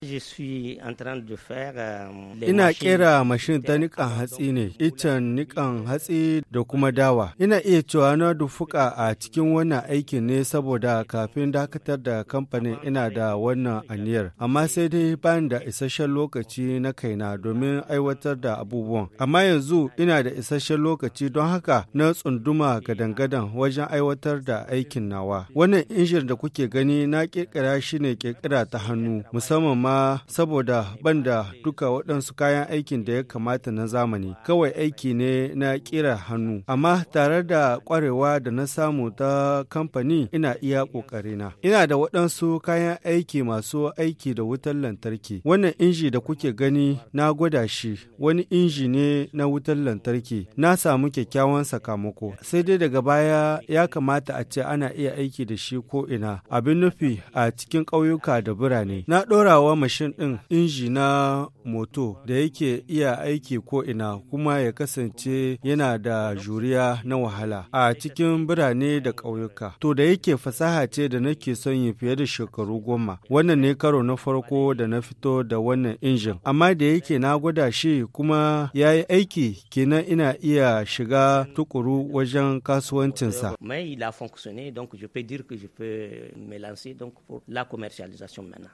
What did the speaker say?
Euh, ina kera mashin ta nikan hatsi ne, itan nikan hatsi da kuma dawa. Ina iya cewa na dufuka a cikin wannan aikin ne saboda kafin dakatar da kamfanin ina da wannan aniyar. Amma sai dai bayan da isasshen lokaci na kaina domin aiwatar da abubuwan. Amma yanzu ina da isasshen lokaci don haka na tsunduma gadan-gadan wajen aiwatar da aikin nawa. Wannan injin da kuke gani na kirkira shi ne ta hannu, musamman amma saboda banda duka waɗansu kayan aikin da ya kamata na zamani kawai aiki ne na ƙira hannu amma tare da ƙwarewa da na samu ta kamfani ina iya ƙoƙarina ina da waɗansu kayan aiki masu aiki da wutar lantarki wannan inji da kuke gani na gwada shi wani inji ne na wutar lantarki na samu kyakkyawan sakamako sai dai daga baya ya kamata a ce ana iya aiki da shi ko ina abin nufi a cikin ƙauyuka da birane na ɗorawa mashin ɗin inji na moto da yake iya aiki ko ina kuma ya kasance yana da juriya na wahala a cikin birane da ƙauyuka. To da yake fasaha ce da nake son yi fiye da shekaru goma. Wannan ne karo na farko da na fito da wannan injin. Amma da yake na gwada shi kuma ya yi aiki kenan ina iya shiga tukuru wajen kasuwancinsa. Mais il la commercialisation maintenant.